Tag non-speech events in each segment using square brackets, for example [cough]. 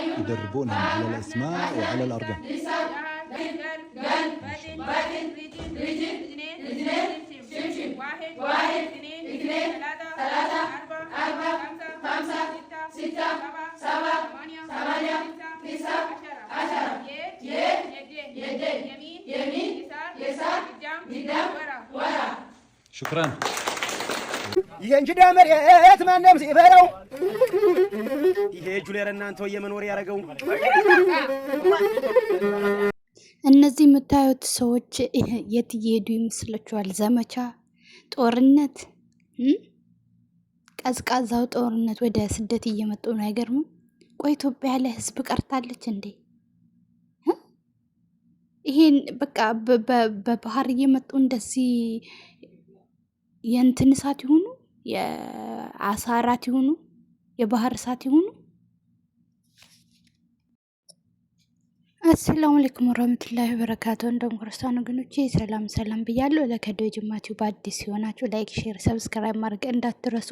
يدربونهم على الأسماء وعلى الأرقام يسار يسار شكرا ይሄን መሬት ማንም ሲበላው ይሄ ጁሌር እናንተው የመኖር ያደረገው። እነዚህ የምታዩት ሰዎች የት እየሄዱ ይመስላችኋል? ዘመቻ፣ ጦርነት፣ ቀዝቃዛው ጦርነት ወደ ስደት እየመጡ ነው። አይገርምም? ቆይ ኢትዮጵያ ያለ ህዝብ ቀርታለች እንዴ? ይሄን በቃ በባህር እየመጡ እንደዚህ የእንትን እሳት ይሆኑ የአሳ አራት ይሁኑ የባህር እሳት ይሁኑ። አሰላሙ አለይኩም ወራህመቱላሂ ወበረካቱ። እንደም ክርስቲያን ወገኖቼ ሰላም ሰላም ብያለሁ። ለከዶ ጅማቲው በአዲስ ሲሆናችሁ ላይክ፣ ሼር፣ ሰብስክራይብ ማድረግ እንዳትረሱ።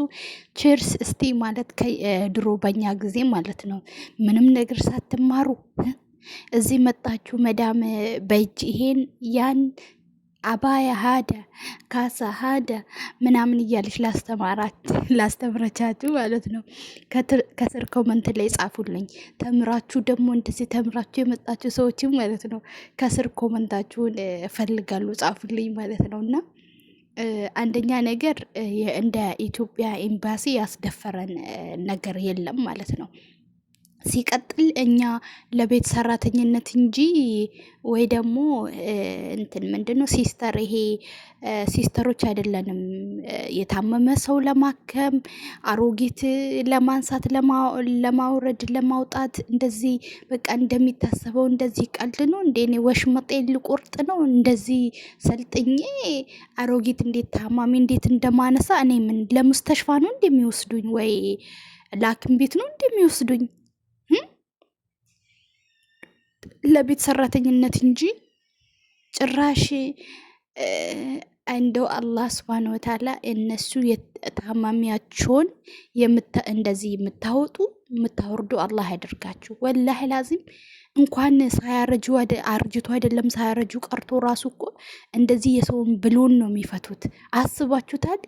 ቺርስ እስቲ ማለት ከድሮ በኛ ጊዜ ማለት ነው ምንም ነገር ሳትማሩ እዚህ መጣችሁ መዳም በእጅ ይሄን ያን አባያ ሀደ ካሳ ሀደ ምናምን እያለች ላስተማራት ላስተምረቻችሁ ማለት ነው። ከስር ኮመንት ላይ ጻፉልኝ። ተምራችሁ ደግሞ እንደዚህ ተምራችሁ የመጣችሁ ሰዎችም ማለት ነው ከስር ኮመንታችሁን እፈልጋሉ ጻፉልኝ ማለት ነው እና አንደኛ ነገር እንደ ኢትዮጵያ ኤምባሲ ያስደፈረን ነገር የለም ማለት ነው። ሲቀጥል እኛ ለቤት ሰራተኝነት እንጂ ወይ ደግሞ እንትን ምንድን ነው ሲስተር፣ ይሄ ሲስተሮች አይደለንም። የታመመ ሰው ለማከም አሮጊት ለማንሳት፣ ለማውረድ፣ ለማውጣት እንደዚህ በቃ እንደሚታሰበው እንደዚህ ቀልድ ነው እንዴ? እኔ ወሽመጤ ልቁርጥ ነው እንደዚህ ሰልጥኜ አሮጊት እንዴት ታማሚ እንዴት እንደማነሳ እኔ ምን ለሙስተሽፋ ነው እንደሚወስዱኝ ወይ ላክም ቤት ነው እንደሚወስዱኝ ለቤት ሰራተኝነት እንጂ ጭራሽ እንደው አላህ ስብሃነ ወተዓላ እነሱ ታማሚያቸውን እንደዚህ የምታወጡ የምታወርዱ አላህ ያደርጋችሁ። ወላሂ ላዚም እንኳን ሳያረጁ አርጅቶ አይደለም ሳያረጁ ቀርቶ ራሱ እኮ እንደዚህ የሰውን ብሎን ነው የሚፈቱት። አስባችሁታል?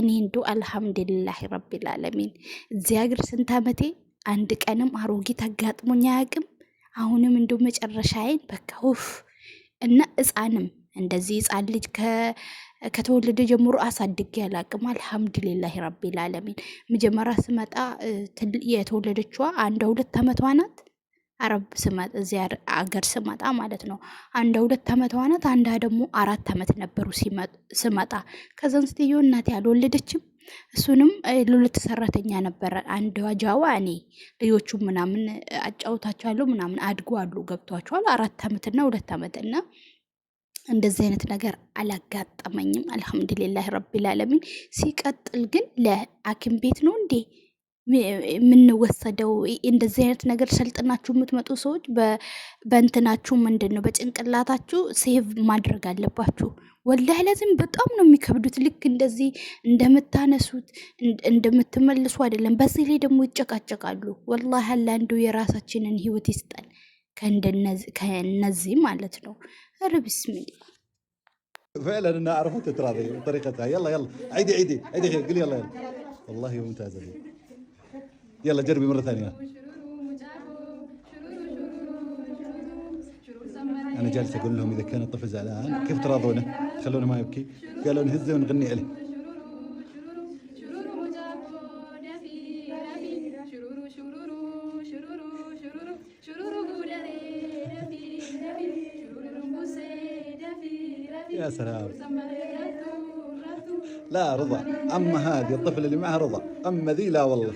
እኔ እንዶ አልሐምዱሊላህ ረቢል ዓለሚን እዚህ ሀገር ስንት ዓመቴ አንድ ቀንም አሮጊት አጋጥሞኝ አያውቅም። አሁንም መጨረሻ መጨረሻዬን በቃ ውፍ እና ህፃንም እንደዚህ ህፃን ልጅ ከተወለደ ጀምሮ አሳድጌ አላቅም። አልሐምዱሊላህ ረቢል ዓለሚን። መጀመሪያ ስመጣ የተወለደችዋ አንድ ሁለት ዓመቷ ናት። አረብ ስመጣ እዚያ አገር ስመጣ ማለት ነው አንድ ሁለት ዓመቷ ናት። አንዳ ደግሞ አራት ዓመት ነበሩ ስመጣ። ከዛን ስትዮ እናቴ አልወለደችም እሱንም ሉልት ሰራተኛ ነበረ። አንድ ዋጃዋ እኔ ልጆቹ ምናምን አጫውታቸዋለሁ ምናምን አሉ ገብቷቸዋል። አራት ዓመትና ሁለት ዓመት እና እንደዚህ አይነት ነገር አላጋጠመኝም። አልሐምዱሊላህ ረቢል ሲቀጥል ግን ለአኪም ቤት ነው እንዴ የምንወሰደው እንደዚህ አይነት ነገር ሰልጥናችሁ የምትመጡ ሰዎች በእንትናችሁ ምንድን ነው በጭንቅላታችሁ ሴቭ ማድረግ አለባችሁ። ወላህ ለዚህም በጣም ነው የሚከብዱት። ልክ እንደዚህ እንደምታነሱት እንደምትመልሱ አይደለም። በዚህ ላይ ደግሞ ይጨቃጨቃሉ። ወላህ አላ የራሳችንን ህይወት ይስጠን ከእነዚህ ማለት ነው። ኧረ ቢስሚላ فعلا انا عرفت ترى طريقتها يلا يلا عيدي عيدي عيدي قولي يلا يلا والله ممتازه يلا جربي مره ثانيه انا جالس اقول لهم اذا كان الطفل زعلان كيف تراضونه؟ تخلونه ما يبكي قالوا نهزه ونغني عليه يا سلام لا رضا اما هذه الطفل اللي معها رضا اما ذي لا والله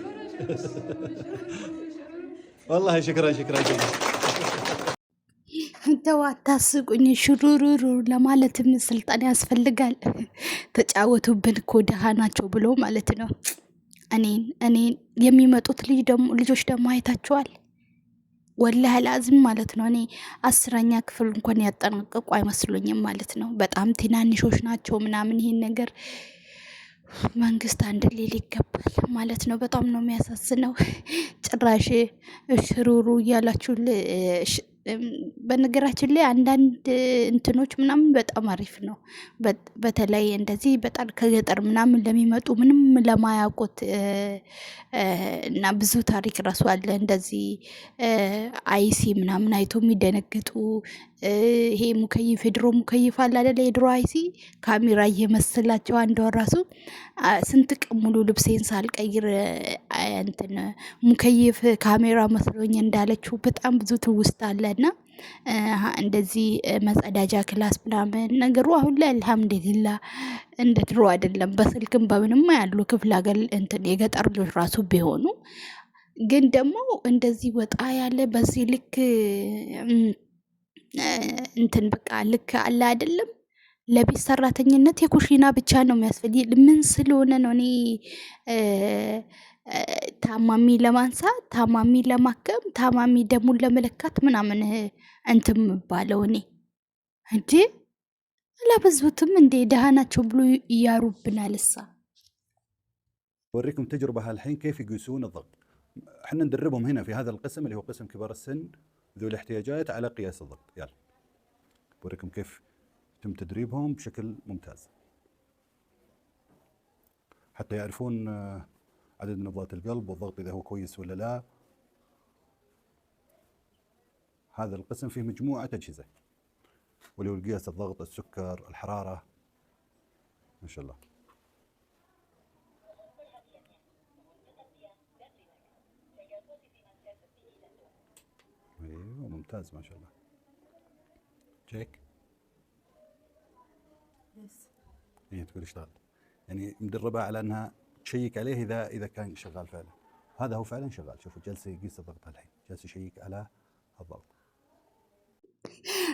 ወላሂ ሽክራን ሽክራን ተው አታስቁኝ። ሽሩሩሩ ለማለትም ስልጣን ያስፈልጋል። ተጫወቱብን እኮ ድሃ ናቸው ብሎ ማለት ነው። እኔን እኔን የሚመጡት ልጆች ደግሞ አይታችኋል። ወላሂ ላዝም ማለት ነው። እኔ አስረኛ ክፍል እንኳን ያጠናቀቁ አይመስሉኝም ማለት ነው። በጣም ትናንሾች ናቸው ምናምን ይሄን ነገር መንግስት አንድ ሊል ይገባል ማለት ነው። በጣም ነው የሚያሳዝነው። ጭራሽ ሽሩሩ እያላችሁ በነገራችን ላይ አንዳንድ እንትኖች ምናምን በጣም አሪፍ ነው። በተለይ እንደዚህ በጣም ከገጠር ምናምን ለሚመጡ ምንም ለማያውቁት እና ብዙ ታሪክ ራሱ አለ እንደዚህ አይሲ ምናምን አይቶ የሚደነግጡ ይሄ ሙከይፍ የድሮ ሙከይፍ አለ አይደለ? የድሮ አይሲ ካሜራ እየመሰላቸው አንድ ራሱ ስንት ቀን ሙሉ ልብሴን ሳልቀይር እንትን ሙከይፍ ካሜራ መስሎኝ እንዳለችው በጣም ብዙ ትውስታ አለ። እና እንደዚህ መጸዳጃ ክላስ ምናምን ነገሩ አሁን ላይ አልሐምዱሊላ እንደ ድሮ አይደለም። በስልክም በምንም ያሉ ክፍለ ሀገር እንትን የገጠር ልጆች ራሱ ቢሆኑ ግን ደግሞ እንደዚህ ወጣ ያለ በዚህ ልክ እንትን በቃ ልክ አለ አይደለም። ለቤት ሰራተኝነት የኩሽና ብቻ ነው የሚያስፈልግ ምን ስለሆነ ነው እኔ ታማሚ ለማንሳት ታማሚ ለማከም ታማሚ ደሙን ለመለካት ምናምን እንትን የምባለው እኔ እንዴ አላበዙትም እንዴ ደሃ ናቸው ብሎ እያሩብናል እሳ وريكم تجربه هالحين كيف يقيسون الضغط احنا ندربهم هنا في هذا القسم اللي هو قسم كبار السن ذو الاحتياجات على قياس الضغط يلا بوريكم كيف يتم تدريبهم بشكل ممتاز حتى يعرفون عدد من نبضات القلب والضغط اذا هو كويس ولا لا هذا القسم فيه مجموعه اجهزه واللي هو قياس الضغط السكر الحراره ما شاء الله ايوه ممتاز ما شاء الله تشيك يس هي تقول اشتغل يعني مدربه على انها تشيك عليه اذا اذا كان شغال فعلا هذا هو فعلا شغال شوف جلسه يقيس الضغط الحين جلسه يشيك على الضغط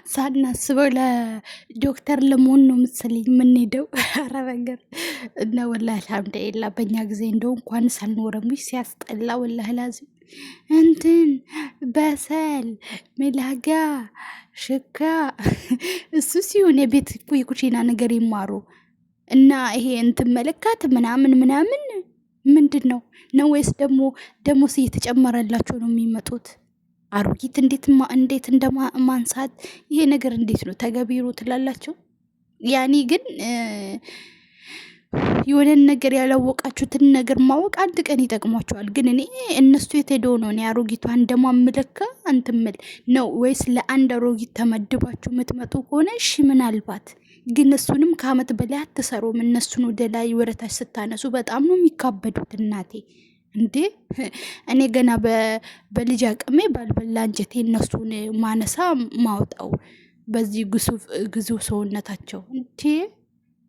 صادنا اسبوع دكتور لمون مسلي مني دو [laughs] رغر انا والله الحمد لله بنيا زين دو كون سن ورمي سياسه الله والله لازم انتن باسل ملاقا شكا السوسيون [laughs] يبيت كوي كوشينا نقري مارو እና ይሄ እንትን መለካት ምናምን ምናምን ምንድን ነው ነው ወይስ ደግሞ ደሞስ እየተጨመረላቸው ነው የሚመጡት? አሮጊት እንዴት እንዴት እንደ ማንሳት ይሄ ነገር እንዴት ነው ተገቢሩ ትላላቸው? ያኔ ግን የሆነን ነገር ያላወቃችሁትን ነገር ማወቅ አንድ ቀን ይጠቅሟቸዋል። ግን እኔ እነሱ የት ነው እኔ አሮጊቷን ደሞ አንትምል ነው ወይስ ለአንድ አሮጊት ተመድባችሁ የምትመጡ ከሆነ ሺ ምናልባት ግን እሱንም ከአመት በላይ አትሰሩም። እነሱን ወደ ላይ ወረታች ስታነሱ በጣም ነው የሚካበዱት። እናቴ እንዴ እኔ ገና በልጅ አቅሜ ባልበላ አንጀቴ እነሱን ማነሳ ማውጣው በዚህ ግዙፍ ሰውነታቸው እንዴ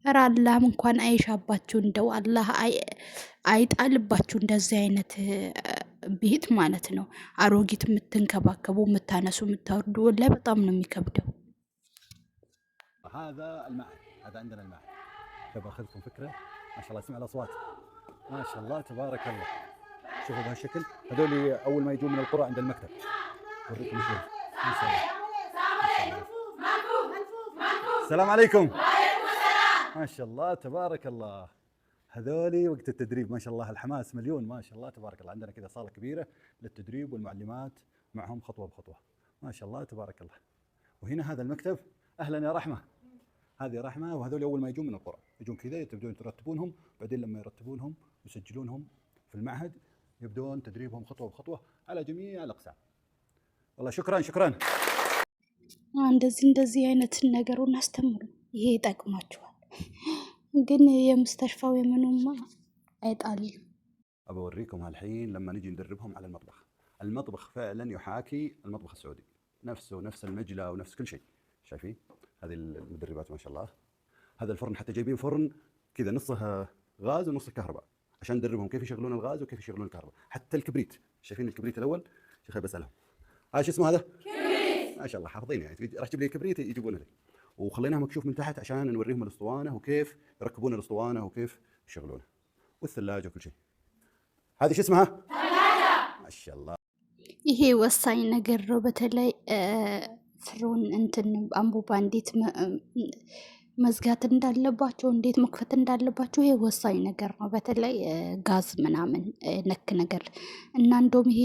እረ አላህም እንኳን አይሻባችሁ እንደው አላህ አይጣልባችሁ እንደዚህ አይነት ቤት ማለት ነው። አሮጊት የምትንከባከቡ የምታነሱ፣ የምታወርዱ ወላሂ በጣም ነው የሚከብደው። السلام عليكم ما شاء الله تبارك الله هذولي وقت التدريب ما شاء الله الحماس مليون ما شاء الله تبارك الله عندنا كذا صاله كبيره للتدريب والمعلمات معهم خطوه بخطوه ما شاء الله تبارك الله وهنا هذا المكتب اهلا يا رحمه هذه رحمه وهذول اول ما يجون من القرى يجون كذا تبدون ترتبونهم بعدين لما يرتبونهم يسجلونهم في المعهد يبدون تدريبهم خطوه بخطوه على جميع الاقسام والله شكرا شكرا آه، እንደዚህ እንደዚህ አይነት والناس تمر ይሄ ይጠቅማችኋል ግን የሙስተሽፋው የምኑማ አይጣልም። أبوريكم هالحين لما نجي ندربهم على المطبخ المطبخ فعلا يحاكي المطبخ السعودي نفسه نفس المجلة ونفس كل شيء شايفين هذه المدربات ما شاء الله هذا الفرن حتى جايبين فرن كذا نصه غاز ونصه كهرباء عشان ندربهم كيف يشغلون الغاز وكيف يشغلون الكهرباء حتى الكبريت شايفين الكبريت الاول شيخ بسالهم هذا شو اسمه هذا كبريت ما شاء الله حافظين يعني راح تجيب لي كبريت يجيبونه لي وخليناهم مكشوف من تحت عشان نوريهم الاسطوانه وكيف يركبون الاسطوانه وكيف يشغلونها والثلاجه وكل شيء هذه شو اسمها؟ ما شاء الله هي وصينا قربت لي فرون انت انبوبه انديت مزقات እንዳለባችሁ እንዴት መክፈት እንዳለባችሁ ይሄ ወሳኝ ነገር ነው በተለይ ጋዝ ምናምን ነክ ነገር እና እንደውም ይሄ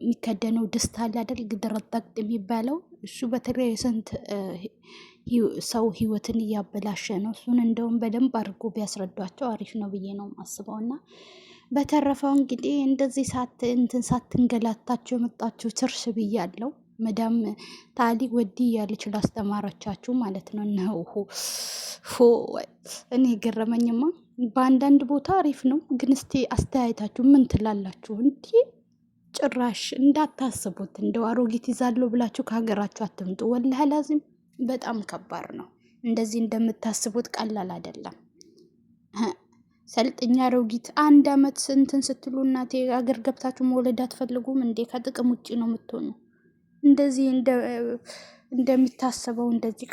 የሚከደነው ድስት አለ አደል ግድረጠቅጥ የሚባለው እሱ በተለይ ስንት ሰው ህይወትን እያበላሸ ነው። እሱን እንደውም በደንብ አድርጎ ቢያስረዷቸው አሪፍ ነው ብዬ ነው የማስበው። እና በተረፈው እንግዲህ እንደዚህ ሳት እንትን ሳትንገላታችሁ የመጣችሁ ችርስ ብያለሁ። መዳም ታሊ ወዲ እያለች ላስተማረቻችሁ ማለት ነው። እነ እኔ ገረመኝማ። በአንዳንድ ቦታ አሪፍ ነው፣ ግን እስቲ አስተያየታችሁ ምን ትላላችሁ? እንዲ ጭራሽ እንዳታስቡት እንደው አሮጊት ይዛለሁ ብላችሁ ከሀገራችሁ አትምጡ። ወላሂ ላዚም በጣም ከባድ ነው። እንደዚህ እንደምታስቡት ቀላል አይደለም። ሰልጥኛ አሮጊት አንድ አመት ስንትን ስትሉ እናቴ አገር ገብታችሁ መውለድ አትፈልጉም እንዴ? ከጥቅም ውጭ ነው የምትሆኑ። እንደዚህ እንደሚታሰበው እንደዚህ